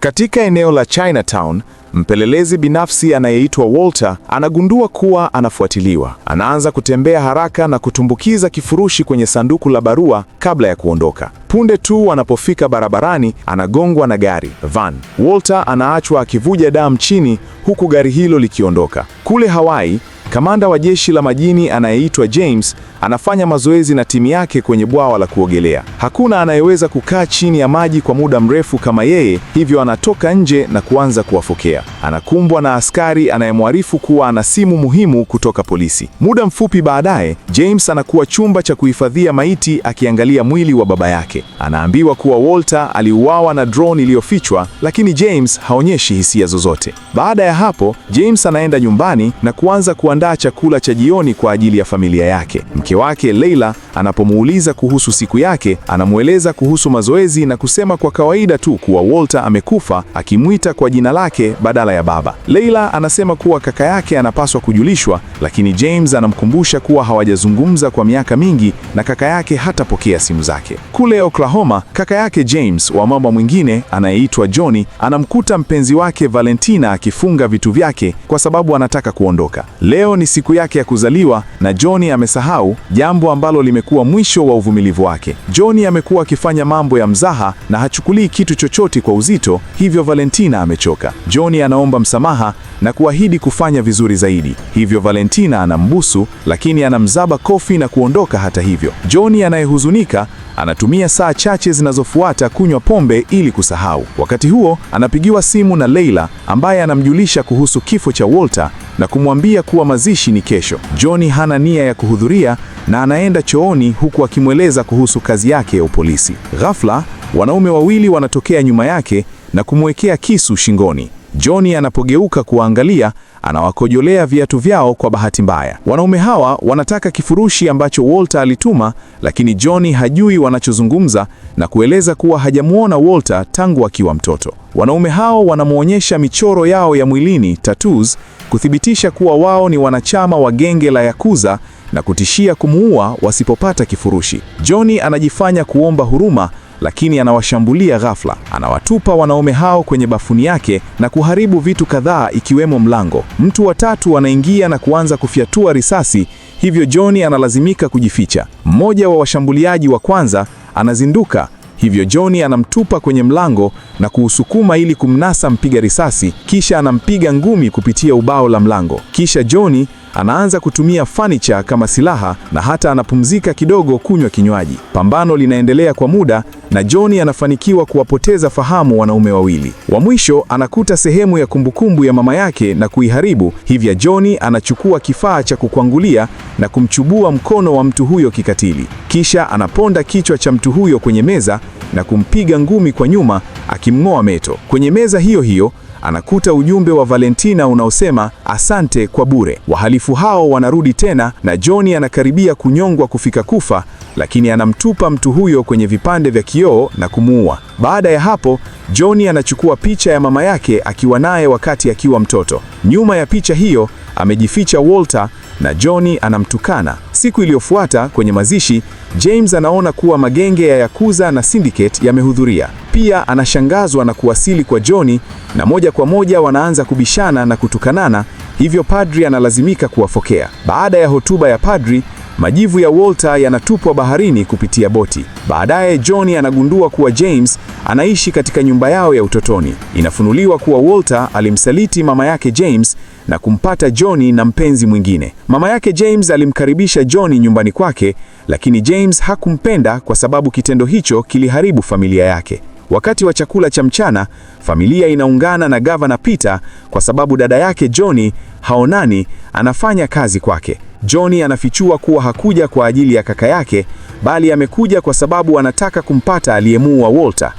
Katika eneo la Chinatown, mpelelezi binafsi anayeitwa Walter anagundua kuwa anafuatiliwa. Anaanza kutembea haraka na kutumbukiza kifurushi kwenye sanduku la barua kabla ya kuondoka. Punde tu wanapofika barabarani, anagongwa na gari van. Walter anaachwa akivuja damu chini huku gari hilo likiondoka. Kule Hawaii, kamanda wa jeshi la majini anayeitwa James Anafanya mazoezi na timu yake kwenye bwawa la kuogelea. Hakuna anayeweza kukaa chini ya maji kwa muda mrefu kama yeye, hivyo anatoka nje na kuanza kuwafokea. Anakumbwa na askari anayemwarifu kuwa ana simu muhimu kutoka polisi. Muda mfupi baadaye, James anakuwa chumba cha kuhifadhia maiti akiangalia mwili wa baba yake. Anaambiwa kuwa Walter aliuawa na drone iliyofichwa, lakini James haonyeshi hisia zozote. Baada ya hapo, James anaenda nyumbani na kuanza kuandaa chakula cha jioni kwa ajili ya familia yake. Mke wake Leila anapomuuliza kuhusu siku yake, anamweleza kuhusu mazoezi na kusema kwa kawaida tu kuwa Walter amekufa, akimwita kwa jina lake badala ya baba. Leila anasema kuwa kaka yake anapaswa kujulishwa, lakini James anamkumbusha kuwa hawajazungumza kwa miaka mingi na kaka yake hatapokea simu zake. Kule Oklahoma, kaka yake James wa mama mwingine anayeitwa Johnny anamkuta mpenzi wake Valentina akifunga vitu vyake kwa sababu anataka kuondoka. Leo ni siku yake ya kuzaliwa na Johnny amesahau jambo ambalo limekuwa mwisho wa uvumilivu wake. Johnny amekuwa akifanya mambo ya mzaha na hachukulii kitu chochote kwa uzito, hivyo Valentina amechoka. Johnny anaomba msamaha na kuahidi kufanya vizuri zaidi, hivyo Valentina anambusu, lakini anamzaba kofi na kuondoka. Hata hivyo, Johnny anayehuzunika Anatumia saa chache zinazofuata kunywa pombe ili kusahau. Wakati huo anapigiwa simu na Leila ambaye anamjulisha kuhusu kifo cha Walter na kumwambia kuwa mazishi ni kesho. Johnny hana nia ya kuhudhuria na anaenda chooni huku akimweleza kuhusu kazi yake ya upolisi. Ghafla wanaume wawili wanatokea nyuma yake na kumwekea kisu shingoni. Johnny anapogeuka kuwaangalia, anawakojolea viatu vyao kwa bahati mbaya. Wanaume hawa wanataka kifurushi ambacho Walter alituma, lakini Johnny hajui wanachozungumza na kueleza kuwa hajamuona Walter tangu akiwa mtoto. Wanaume hao wanamwonyesha michoro yao ya mwilini tattoos, kuthibitisha kuwa wao ni wanachama wa genge la Yakuza na kutishia kumuua wasipopata kifurushi. Johnny anajifanya kuomba huruma lakini anawashambulia ghafla. Anawatupa wanaume hao kwenye bafuni yake na kuharibu vitu kadhaa ikiwemo mlango. Mtu wa tatu anaingia na kuanza kufyatua risasi, hivyo joni analazimika kujificha. Mmoja wa washambuliaji wa kwanza anazinduka, hivyo joni anamtupa kwenye mlango na kuusukuma ili kumnasa mpiga risasi, kisha anampiga ngumi kupitia ubao la mlango. Kisha joni Anaanza kutumia fanicha kama silaha na hata anapumzika kidogo kunywa kinywaji. Pambano linaendelea kwa muda na Johnny anafanikiwa kuwapoteza fahamu wanaume wawili. Wa mwisho anakuta sehemu ya kumbukumbu ya mama yake na kuiharibu, hivyo Johnny anachukua kifaa cha kukwangulia na kumchubua mkono wa mtu huyo kikatili. Kisha anaponda kichwa cha mtu huyo kwenye meza na kumpiga ngumi kwa nyuma akimng'oa meto. Kwenye meza hiyo hiyo anakuta ujumbe wa Valentina unaosema asante kwa bure. Wahalifu hao wanarudi tena na Johnny anakaribia kunyongwa kufika kufa, lakini anamtupa mtu huyo kwenye vipande vya kioo na kumuua. Baada ya hapo, Johnny anachukua picha ya mama yake akiwa naye wakati akiwa mtoto. Nyuma ya picha hiyo amejificha Walter na Johnny anamtukana. Siku iliyofuata kwenye mazishi, James anaona kuwa magenge ya Yakuza na Syndicate yamehudhuria. Pia anashangazwa na kuwasili kwa Johnny na moja kwa moja wanaanza kubishana na kutukanana, hivyo padri analazimika kuwafokea. Baada ya hotuba ya padri, majivu ya Walter yanatupwa baharini kupitia boti. Baadaye Johnny anagundua kuwa James anaishi katika nyumba yao ya utotoni. Inafunuliwa kuwa Walter alimsaliti mama yake James na kumpata Johnny na mpenzi mwingine. Mama yake James alimkaribisha Johnny nyumbani kwake, lakini James hakumpenda kwa sababu kitendo hicho kiliharibu familia yake. Wakati wa chakula cha mchana, familia inaungana na Gavana Peter kwa sababu dada yake Johnny haonani, anafanya kazi kwake. Johnny anafichua kuwa hakuja kwa ajili ya kaka yake, bali amekuja kwa sababu anataka kumpata aliyemuua Walter.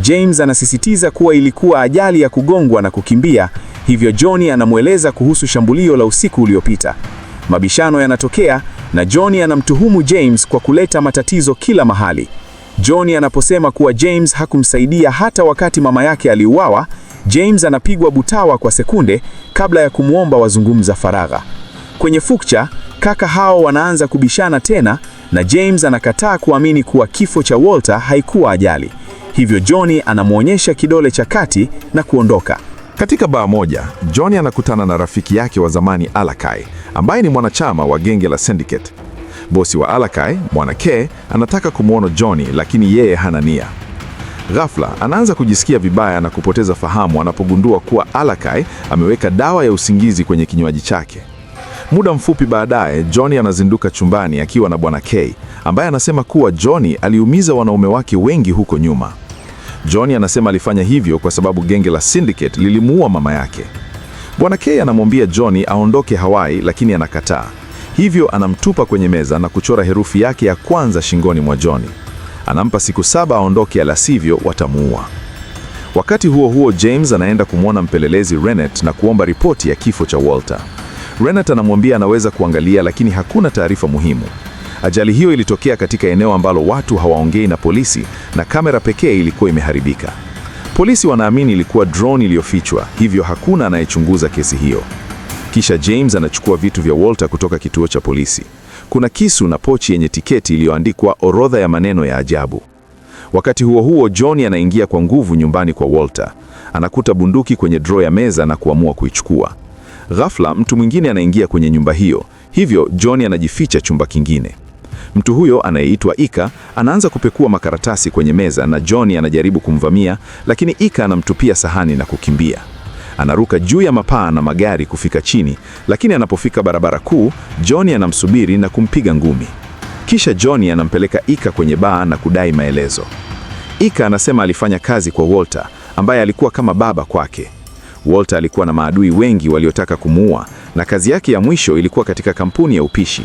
James anasisitiza kuwa ilikuwa ajali ya kugongwa na kukimbia, hivyo Johnny anamweleza kuhusu shambulio la usiku uliopita. Mabishano yanatokea na Johnny anamtuhumu James kwa kuleta matatizo kila mahali. Johnny anaposema kuwa James hakumsaidia hata wakati mama yake aliuawa, James anapigwa butawa kwa sekunde kabla ya kumwomba wazungumza faragha. Kwenye fukcha, kaka hao wanaanza kubishana tena na James anakataa kuamini kuwa kifo cha Walter haikuwa ajali. Hivyo Johnny anamwonyesha kidole cha kati na kuondoka. Katika baa moja, Johnny anakutana na rafiki yake wa zamani Alakai, ambaye ni mwanachama wa genge la Syndicate. Bosi wa Alakai, Mwana K, anataka kumwona Johnny lakini yeye hana nia. Ghafla anaanza kujisikia vibaya na kupoteza fahamu anapogundua kuwa Alakai ameweka dawa ya usingizi kwenye kinywaji chake. Muda mfupi baadaye, Johnny anazinduka chumbani akiwa na Bwana K, ambaye anasema kuwa Johnny aliumiza wanaume wake wengi huko nyuma. Johnny anasema alifanya hivyo kwa sababu genge la Syndicate lilimuua mama yake. Bwana K anamwambia Johnny aondoke Hawaii, lakini anakataa. Hivyo anamtupa kwenye meza na kuchora herufi yake ya kwanza shingoni mwa Johnny. Anampa siku saba aondoke, ala sivyo watamuua. Wakati huo huo, James anaenda kumwona mpelelezi Renet na kuomba ripoti ya kifo cha Walter. Renet anamwambia anaweza kuangalia, lakini hakuna taarifa muhimu. Ajali hiyo ilitokea katika eneo ambalo watu hawaongei na polisi na kamera pekee ilikuwa imeharibika. Polisi wanaamini ilikuwa drone iliyofichwa, hivyo hakuna anayechunguza kesi hiyo. Kisha James anachukua vitu vya Walter kutoka kituo cha polisi. Kuna kisu na pochi yenye tiketi iliyoandikwa orodha ya maneno ya ajabu. Wakati huo huo, John anaingia kwa nguvu nyumbani kwa Walter. Anakuta bunduki kwenye draw ya meza na kuamua kuichukua. Ghafla mtu mwingine anaingia kwenye nyumba hiyo, hivyo John anajificha chumba kingine. Mtu huyo anayeitwa Ika anaanza kupekua makaratasi kwenye meza na Johnny anajaribu kumvamia, lakini Ika anamtupia sahani na kukimbia. Anaruka juu ya mapaa na magari kufika chini, lakini anapofika barabara kuu, Johnny anamsubiri na kumpiga ngumi. Kisha Johnny anampeleka Ika kwenye baa na kudai maelezo. Ika anasema alifanya kazi kwa Walter ambaye alikuwa kama baba kwake. Walter alikuwa na maadui wengi waliotaka kumuua na kazi yake ya mwisho ilikuwa katika kampuni ya upishi.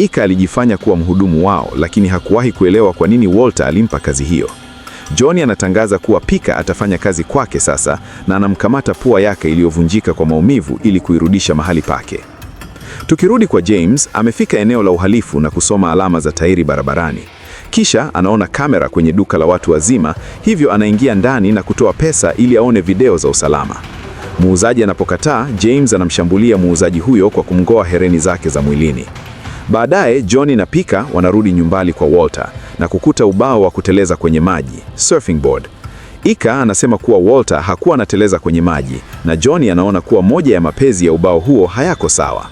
Ika alijifanya kuwa mhudumu wao, lakini hakuwahi kuelewa kwa nini Walter alimpa kazi hiyo. Johnny anatangaza kuwa Pika atafanya kazi kwake sasa na anamkamata pua yake iliyovunjika kwa maumivu ili kuirudisha mahali pake. Tukirudi kwa James, amefika eneo la uhalifu na kusoma alama za tairi barabarani. Kisha anaona kamera kwenye duka la watu wazima, hivyo anaingia ndani na kutoa pesa ili aone video za usalama. Muuzaji anapokataa, James anamshambulia muuzaji huyo kwa kumgoa hereni zake za mwilini. Baadaye Johnny na Pika wanarudi nyumbani kwa Walter na kukuta ubao wa kuteleza kwenye maji, surfing board. Ika anasema kuwa Walter hakuwa anateleza kwenye maji na Johnny anaona kuwa moja ya mapezi ya ubao huo hayako sawa.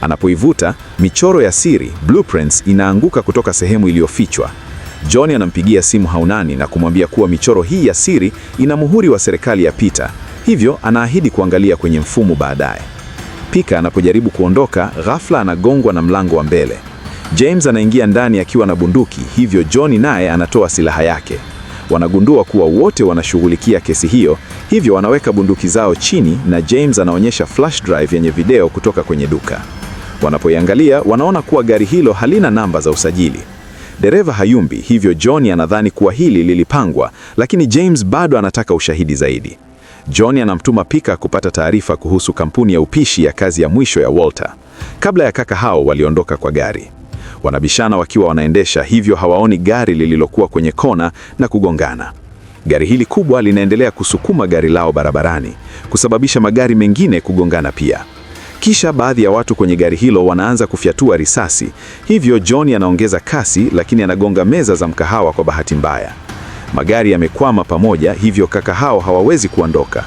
Anapoivuta, michoro ya siri, blueprints, inaanguka kutoka sehemu iliyofichwa. Johnny anampigia simu Haunani na kumwambia kuwa michoro hii ya siri ina muhuri wa serikali ya Peter. Hivyo anaahidi kuangalia kwenye mfumo baadaye. Pika anapojaribu kuondoka, ghafla anagongwa na mlango wa mbele. James anaingia ndani akiwa na bunduki, hivyo John naye anatoa silaha yake. Wanagundua kuwa wote wanashughulikia kesi hiyo, hivyo wanaweka bunduki zao chini na James anaonyesha flash drive yenye video kutoka kwenye duka. Wanapoiangalia, wanaona kuwa gari hilo halina namba za usajili. Dereva hayumbi, hivyo John anadhani kuwa hili lilipangwa, lakini James bado anataka ushahidi zaidi. John anamtuma Pika kupata taarifa kuhusu kampuni ya upishi ya kazi ya mwisho ya Walter. Kabla ya kaka hao waliondoka kwa gari. Wanabishana wakiwa wanaendesha, hivyo hawaoni gari lililokuwa kwenye kona na kugongana. Gari hili kubwa linaendelea kusukuma gari lao barabarani, kusababisha magari mengine kugongana pia. Kisha baadhi ya watu kwenye gari hilo wanaanza kufyatua risasi, hivyo John anaongeza kasi, lakini anagonga meza za mkahawa kwa bahati mbaya. Magari yamekwama pamoja, hivyo kaka hao hawawezi kuondoka.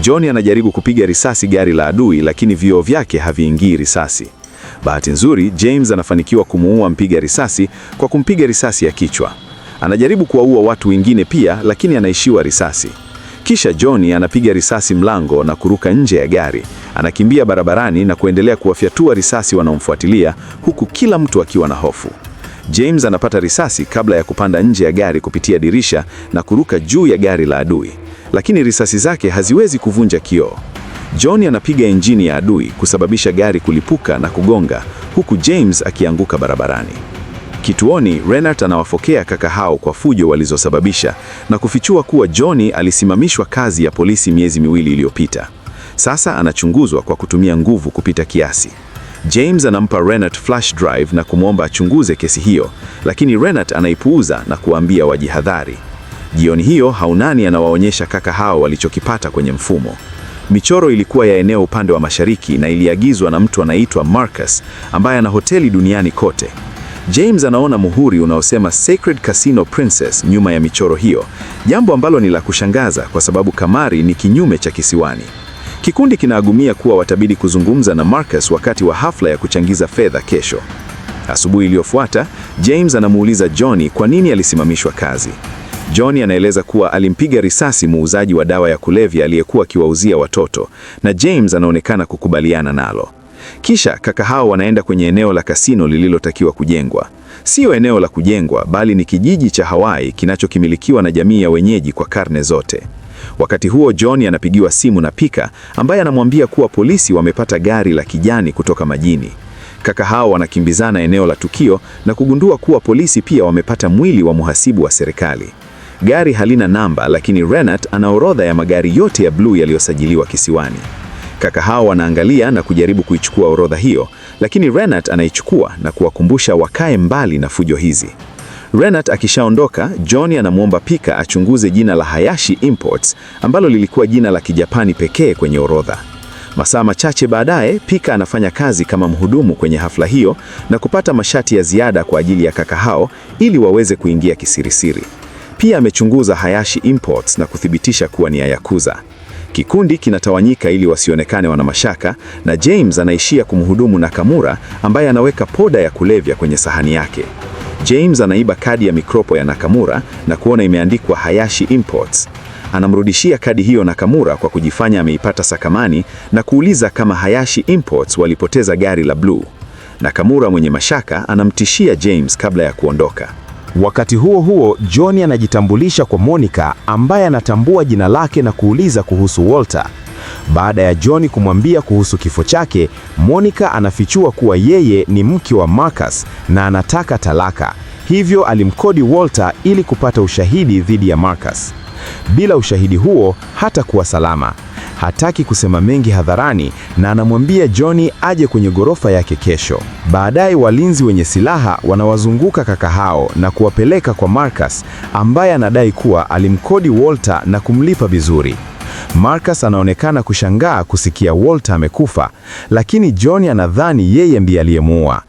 Johnny anajaribu kupiga risasi gari la adui, lakini vioo vyake haviingii risasi. Bahati nzuri, James anafanikiwa kumuua mpiga risasi kwa kumpiga risasi ya kichwa. Anajaribu kuwaua watu wengine pia, lakini anaishiwa risasi. Kisha Johnny anapiga risasi mlango na kuruka nje ya gari. Anakimbia barabarani na kuendelea kuwafyatua risasi wanaomfuatilia, huku kila mtu akiwa na hofu. James anapata risasi kabla ya kupanda nje ya gari kupitia dirisha na kuruka juu ya gari la adui, lakini risasi zake haziwezi kuvunja kioo. John anapiga injini ya adui kusababisha gari kulipuka na kugonga, huku James akianguka barabarani. Kituoni, Renard anawafokea kaka hao kwa fujo walizosababisha na kufichua kuwa Johnny alisimamishwa kazi ya polisi miezi miwili iliyopita. Sasa anachunguzwa kwa kutumia nguvu kupita kiasi. James anampa Renat flash drive na kumwomba achunguze kesi hiyo, lakini Renat anaipuuza na kuambia wajihadhari. Jioni hiyo Haunani anawaonyesha kaka hao walichokipata kwenye mfumo. Michoro ilikuwa ya eneo upande wa mashariki na iliagizwa na mtu anaitwa Marcus ambaye ana hoteli duniani kote. James anaona muhuri unaosema Sacred Casino Princess nyuma ya michoro hiyo, jambo ambalo ni la kushangaza kwa sababu kamari ni kinyume cha kisiwani. Kikundi kinaagumia kuwa watabidi kuzungumza na Marcus wakati wa hafla ya kuchangiza fedha kesho. Asubuhi iliyofuata, James anamuuliza Johnny kwa nini alisimamishwa kazi. Johnny anaeleza kuwa alimpiga risasi muuzaji wa dawa ya kulevya aliyekuwa akiwauzia watoto, na James anaonekana kukubaliana nalo. Kisha kaka hao wanaenda kwenye eneo la kasino lililotakiwa kujengwa. Siyo eneo la kujengwa, bali ni kijiji cha Hawaii kinachokimilikiwa na jamii ya wenyeji kwa karne zote. Wakati huo John anapigiwa simu na Pika ambaye anamwambia kuwa polisi wamepata gari la kijani kutoka majini. Kaka hao wanakimbizana eneo la tukio na kugundua kuwa polisi pia wamepata mwili wa mhasibu wa serikali. Gari halina namba, lakini Renat ana orodha ya magari yote ya bluu yaliyosajiliwa kisiwani. Kaka hao wanaangalia na kujaribu kuichukua orodha hiyo, lakini Renat anaichukua na kuwakumbusha wakae mbali na fujo hizi. Renat akishaondoka, John anamwomba Pika achunguze jina la Hayashi Imports ambalo lilikuwa jina la Kijapani pekee kwenye orodha. Masaa machache baadaye, Pika anafanya kazi kama mhudumu kwenye hafla hiyo na kupata mashati ya ziada kwa ajili ya kaka hao ili waweze kuingia kisirisiri. Pia amechunguza Hayashi Imports na kuthibitisha kuwa ni Ayakuza. Kikundi kinatawanyika ili wasionekane wana mashaka, na James anaishia kumhudumu Nakamura ambaye anaweka poda ya kulevya kwenye sahani yake. James anaiba kadi ya mikropo ya Nakamura na kuona imeandikwa Hayashi Imports. Anamrudishia kadi hiyo Nakamura kwa kujifanya ameipata sakamani na kuuliza kama Hayashi Imports walipoteza gari la bluu. Nakamura mwenye mashaka anamtishia James kabla ya kuondoka. Wakati huo huo, Johnny anajitambulisha kwa Monica ambaye anatambua jina lake na kuuliza kuhusu Walter. Baada ya John kumwambia kuhusu kifo chake, Monica anafichua kuwa yeye ni mke wa Marcus na anataka talaka. Hivyo alimkodi Walter ili kupata ushahidi dhidi ya Marcus. Bila ushahidi huo hatakuwa salama. Hataki kusema mengi hadharani na anamwambia Johnny aje kwenye ghorofa yake kesho. Baadaye walinzi wenye silaha wanawazunguka kaka hao na kuwapeleka kwa Marcus ambaye anadai kuwa alimkodi Walter na kumlipa vizuri. Marcus anaonekana kushangaa kusikia Walter amekufa, lakini John anadhani yeye ndiye aliyemuua.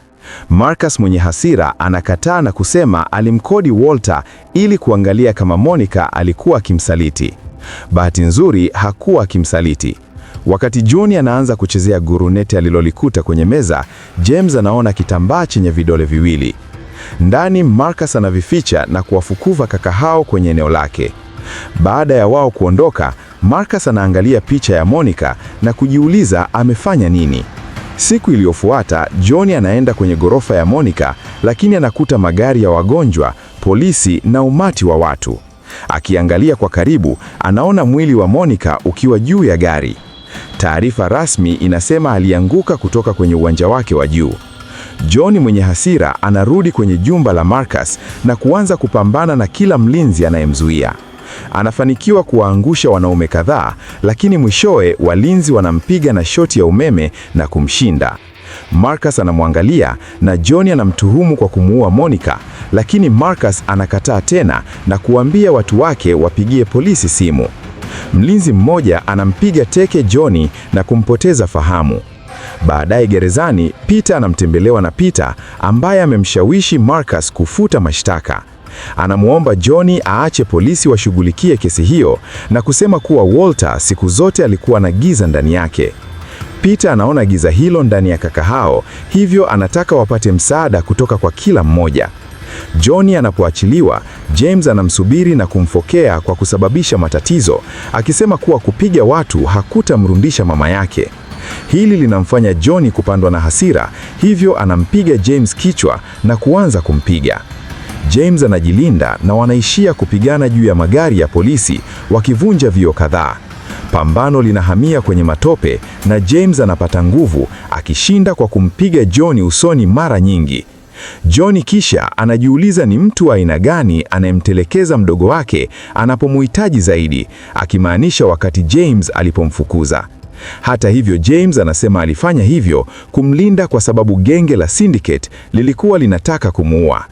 Marcus mwenye hasira anakataa na kusema alimkodi Walter ili kuangalia kama Monica alikuwa akimsaliti. Bahati nzuri hakuwa akimsaliti. Wakati John anaanza kuchezea guruneti alilolikuta kwenye meza, James anaona kitambaa chenye vidole viwili. Ndani Marcus anavificha na kuwafukuva kaka hao kwenye eneo lake. Baada ya wao kuondoka, Marcus anaangalia picha ya Monica na kujiuliza amefanya nini. Siku iliyofuata John anaenda kwenye gorofa ya Monica, lakini anakuta magari ya wagonjwa, polisi na umati wa watu. Akiangalia kwa karibu, anaona mwili wa Monica ukiwa juu ya gari. Taarifa rasmi inasema alianguka kutoka kwenye uwanja wake wa juu. John mwenye hasira anarudi kwenye jumba la Marcus na kuanza kupambana na kila mlinzi anayemzuia. Anafanikiwa kuwaangusha wanaume kadhaa, lakini mwishowe walinzi wanampiga na shoti ya umeme na kumshinda. Marcus anamwangalia na John anamtuhumu kwa kumuua Monica, lakini Marcus anakataa tena na kuambia watu wake wapigie polisi simu. Mlinzi mmoja anampiga teke Johnny na kumpoteza fahamu. Baadaye gerezani, Peter anamtembelewa na Peter ambaye amemshawishi Marcus kufuta mashtaka. Anamwomba Johnny aache polisi washughulikie kesi hiyo na kusema kuwa Walter siku zote alikuwa na giza ndani yake. Peter anaona giza hilo ndani ya kaka hao, hivyo anataka wapate msaada kutoka kwa kila mmoja. Johnny anapoachiliwa, James anamsubiri na kumfokea kwa kusababisha matatizo, akisema kuwa kupiga watu hakutamrundisha mama yake. Hili linamfanya Johnny kupandwa na hasira, hivyo anampiga James kichwa na kuanza kumpiga. James anajilinda na wanaishia kupigana juu ya magari ya polisi wakivunja vioo kadhaa. Pambano linahamia kwenye matope na James anapata nguvu akishinda kwa kumpiga Johnny usoni mara nyingi. Johnny kisha anajiuliza ni mtu wa aina gani anayemtelekeza mdogo wake anapomuhitaji zaidi, akimaanisha wakati James alipomfukuza. Hata hivyo, James anasema alifanya hivyo kumlinda kwa sababu genge la syndicate lilikuwa linataka kumuua.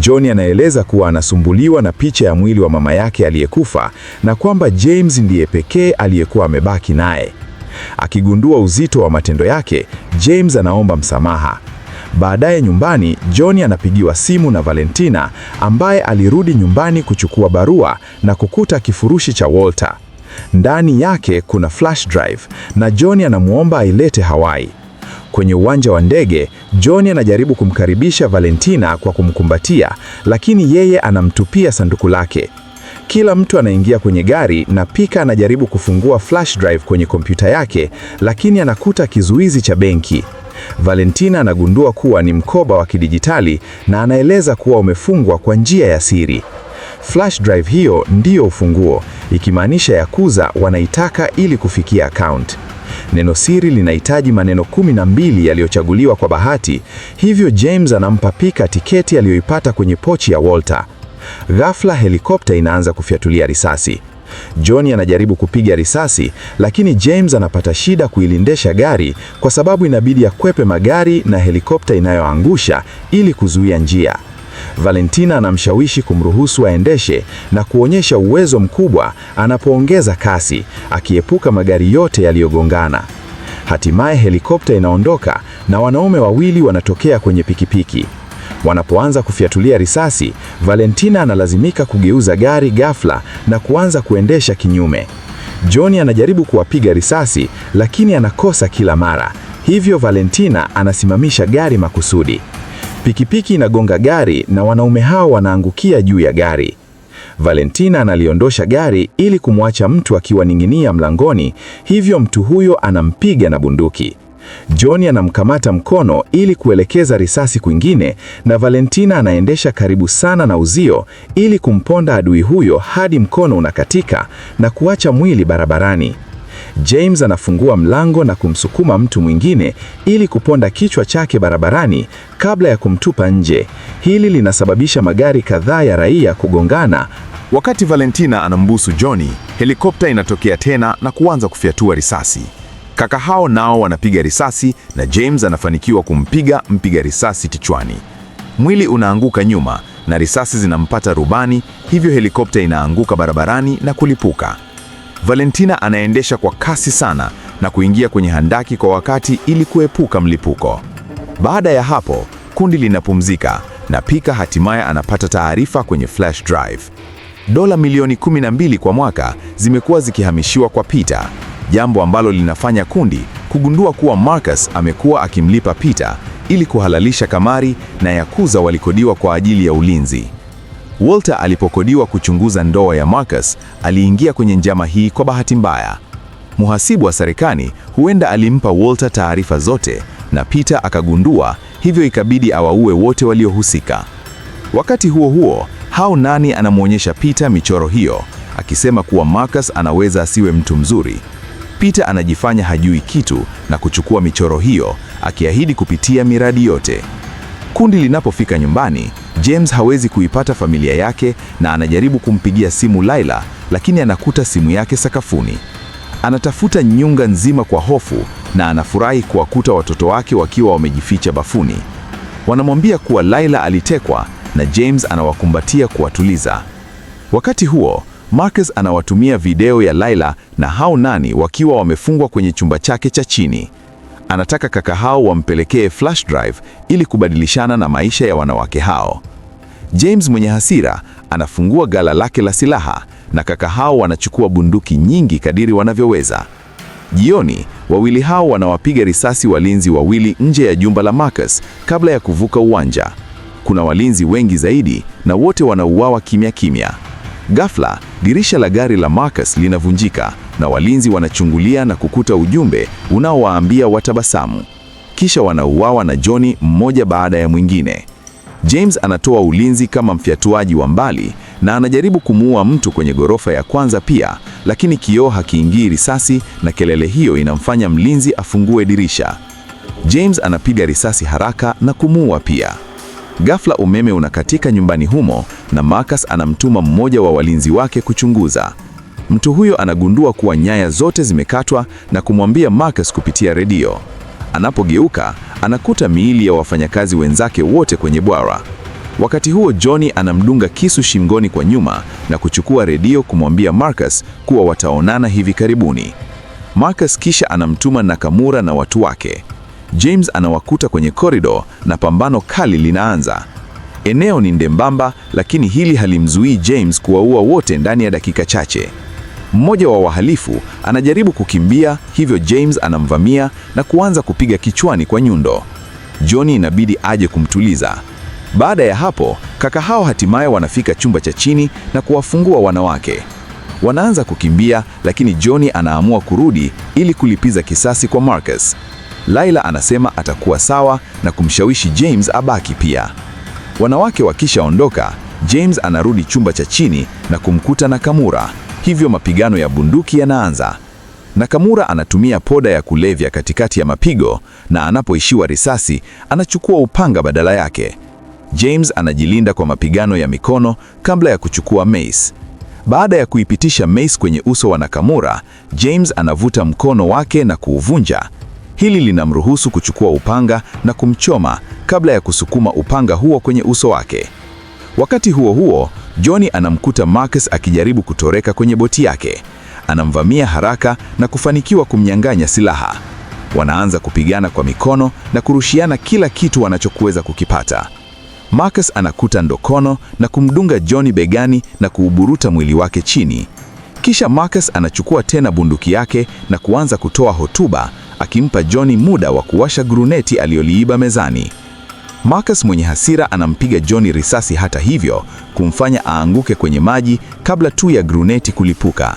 John anaeleza kuwa anasumbuliwa na picha ya mwili wa mama yake aliyekufa na kwamba James ndiye pekee aliyekuwa amebaki naye. Akigundua uzito wa matendo yake, James anaomba msamaha. Baadaye nyumbani, John anapigiwa simu na Valentina ambaye alirudi nyumbani kuchukua barua na kukuta kifurushi cha Walter. Ndani yake kuna flash drive na John anamwomba ailete Hawaii. Kwenye uwanja wa ndege, John anajaribu kumkaribisha Valentina kwa kumkumbatia, lakini yeye anamtupia sanduku lake. Kila mtu anaingia kwenye gari na Pika anajaribu kufungua flash drive kwenye kompyuta yake, lakini anakuta kizuizi cha benki. Valentina anagundua kuwa ni mkoba wa kidijitali na anaeleza kuwa umefungwa kwa njia ya siri. Flash drive hiyo ndiyo ufunguo, ikimaanisha Yakuza wanaitaka ili kufikia account. Neno siri linahitaji maneno kumi na mbili yaliyochaguliwa kwa bahati, hivyo James anampa Pika tiketi aliyoipata kwenye pochi ya Walter. Ghafla helikopta inaanza kufyatulia risasi. Johnny anajaribu kupiga risasi lakini James anapata shida kuilindesha gari kwa sababu inabidi akwepe magari na helikopta inayoangusha ili kuzuia njia. Valentina anamshawishi kumruhusu aendeshe na kuonyesha uwezo mkubwa anapoongeza kasi, akiepuka magari yote yaliyogongana. Hatimaye helikopta inaondoka na wanaume wawili wanatokea kwenye pikipiki. Wanapoanza kufyatulia risasi, Valentina analazimika kugeuza gari ghafla na kuanza kuendesha kinyume. Johnny anajaribu kuwapiga risasi lakini anakosa kila mara. Hivyo Valentina anasimamisha gari makusudi. Pikipiki inagonga gari na wanaume hao wanaangukia juu ya gari. Valentina analiondosha gari ili kumwacha mtu akiwaning'inia mlangoni, hivyo mtu huyo anampiga na bunduki. John anamkamata mkono ili kuelekeza risasi kwingine na Valentina anaendesha karibu sana na uzio ili kumponda adui huyo hadi mkono unakatika na kuacha mwili barabarani. James anafungua mlango na kumsukuma mtu mwingine ili kuponda kichwa chake barabarani kabla ya kumtupa nje. Hili linasababisha magari kadhaa ya raia kugongana. Wakati Valentina anambusu Johnny, helikopta inatokea tena na kuanza kufyatua risasi. Kaka hao nao wanapiga risasi na James anafanikiwa kumpiga mpiga risasi kichwani. Mwili unaanguka nyuma na risasi zinampata rubani, hivyo helikopta inaanguka barabarani na kulipuka. Valentina anaendesha kwa kasi sana na kuingia kwenye handaki kwa wakati ili kuepuka mlipuko. Baada ya hapo, kundi linapumzika na Pika hatimaye anapata taarifa kwenye flash drive. Dola milioni 12 kwa mwaka zimekuwa zikihamishiwa kwa Peter, jambo ambalo linafanya kundi kugundua kuwa Marcus amekuwa akimlipa Peter ili kuhalalisha kamari na Yakuza walikodiwa kwa ajili ya ulinzi. Walter alipokodiwa kuchunguza ndoa ya Marcus, aliingia kwenye njama hii kwa bahati mbaya. muhasibu wa serikali huenda alimpa Walter taarifa zote na Peter akagundua, hivyo ikabidi awaue wote waliohusika. Wakati huo huo, hao nani anamwonyesha Peter michoro hiyo akisema kuwa Marcus anaweza asiwe mtu mzuri. Peter anajifanya hajui kitu na kuchukua michoro hiyo akiahidi kupitia miradi yote. Kundi linapofika nyumbani James hawezi kuipata familia yake na anajaribu kumpigia simu Laila, lakini anakuta simu yake sakafuni. Anatafuta nyunga nzima kwa hofu na anafurahi kuwakuta watoto wake wakiwa wamejificha bafuni. Wanamwambia kuwa Laila alitekwa na James anawakumbatia kuwatuliza. Wakati huo, Marcus anawatumia video ya Laila na hao nani wakiwa wamefungwa kwenye chumba chake cha chini. Anataka kaka hao wampelekee flash drive ili kubadilishana na maisha ya wanawake hao. James mwenye hasira anafungua gala lake la silaha na kaka hao wanachukua bunduki nyingi kadiri wanavyoweza. Jioni, wawili hao wanawapiga risasi walinzi wawili nje ya jumba la Marcus kabla ya kuvuka uwanja. Kuna walinzi wengi zaidi na wote wanauawa kimya kimya. Ghafla, dirisha la gari la Marcus linavunjika na walinzi wanachungulia na kukuta ujumbe unaowaambia watabasamu. Kisha wanauawa na Johnny mmoja baada ya mwingine. James anatoa ulinzi kama mfyatuaji wa mbali na anajaribu kumuua mtu kwenye ghorofa ya kwanza pia, lakini kioo hakiingii risasi na kelele hiyo inamfanya mlinzi afungue dirisha. James anapiga risasi haraka na kumuua pia. Ghafla umeme unakatika nyumbani humo na Marcus anamtuma mmoja wa walinzi wake kuchunguza. Mtu huyo anagundua kuwa nyaya zote zimekatwa na kumwambia Marcus kupitia redio. Anapogeuka anakuta miili ya wafanyakazi wenzake wote kwenye bwara. Wakati huo Johnny anamdunga kisu shingoni kwa nyuma na kuchukua redio kumwambia Marcus kuwa wataonana hivi karibuni. Marcus kisha anamtuma Nakamura na watu wake. James anawakuta kwenye korido na pambano kali linaanza. Eneo ni ndembamba, lakini hili halimzuii James kuwaua wote ndani ya dakika chache. Mmoja wa wahalifu anajaribu kukimbia, hivyo James anamvamia na kuanza kupiga kichwani kwa nyundo. Johnny inabidi aje kumtuliza. Baada ya hapo, kaka hao hatimaye wanafika chumba cha chini na kuwafungua wanawake. Wanaanza kukimbia, lakini Johnny anaamua kurudi ili kulipiza kisasi kwa Marcus. Laila anasema atakuwa sawa na kumshawishi James abaki pia. Wanawake wakishaondoka, James anarudi chumba cha chini na kumkuta Nakamura hivyo mapigano ya bunduki yanaanza. Nakamura anatumia poda ya kulevya katikati ya mapigo na anapoishiwa risasi anachukua upanga badala yake. James anajilinda kwa mapigano ya mikono kabla ya kuchukua mace. Baada ya kuipitisha mace kwenye uso wa Nakamura, James anavuta mkono wake na kuuvunja. Hili linamruhusu kuchukua upanga na kumchoma kabla ya kusukuma upanga huo kwenye uso wake. Wakati huo huo, Johnny anamkuta Marcus akijaribu kutoreka kwenye boti yake. Anamvamia haraka na kufanikiwa kumnyang'anya silaha. Wanaanza kupigana kwa mikono na kurushiana kila kitu wanachokuweza kukipata. Marcus anakuta ndokono na kumdunga Johnny begani na kuuburuta mwili wake chini. Kisha Marcus anachukua tena bunduki yake na kuanza kutoa hotuba akimpa Johnny muda wa kuwasha gruneti aliyoliiba mezani. Marcus mwenye hasira anampiga Johnny risasi, hata hivyo kumfanya aanguke kwenye maji kabla tu ya gruneti kulipuka.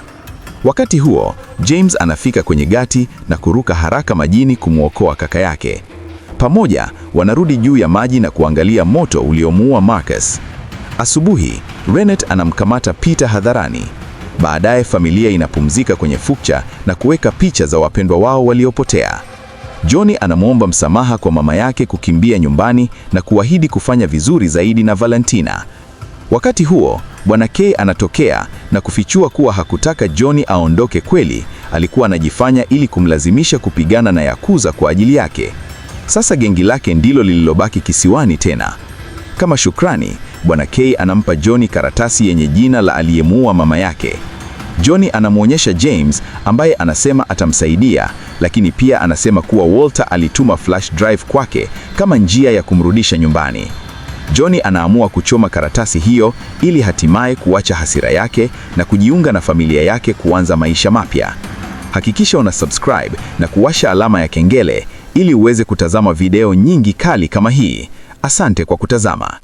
Wakati huo James anafika kwenye gati na kuruka haraka majini kumwokoa kaka yake. Pamoja wanarudi juu ya maji na kuangalia moto uliomuua Marcus. Asubuhi renet anamkamata Peter hadharani. Baadaye familia inapumzika kwenye fukcha na kuweka picha za wapendwa wao waliopotea. Johnny anamwomba msamaha kwa mama yake kukimbia nyumbani na kuahidi kufanya vizuri zaidi na Valentina. Wakati huo, Bwana K anatokea na kufichua kuwa hakutaka Johnny aondoke kweli, alikuwa anajifanya ili kumlazimisha kupigana na Yakuza kwa ajili yake. Sasa gengi lake ndilo lililobaki kisiwani tena. Kama shukrani, Bwana K anampa Johnny karatasi yenye jina la aliyemuua mama yake. Johnny anamwonyesha James ambaye anasema atamsaidia, lakini pia anasema kuwa Walter alituma flash drive kwake kama njia ya kumrudisha nyumbani. Johnny anaamua kuchoma karatasi hiyo ili hatimaye kuacha hasira yake na kujiunga na familia yake kuanza maisha mapya. Hakikisha una subscribe na kuwasha alama ya kengele ili uweze kutazama video nyingi kali kama hii. Asante kwa kutazama.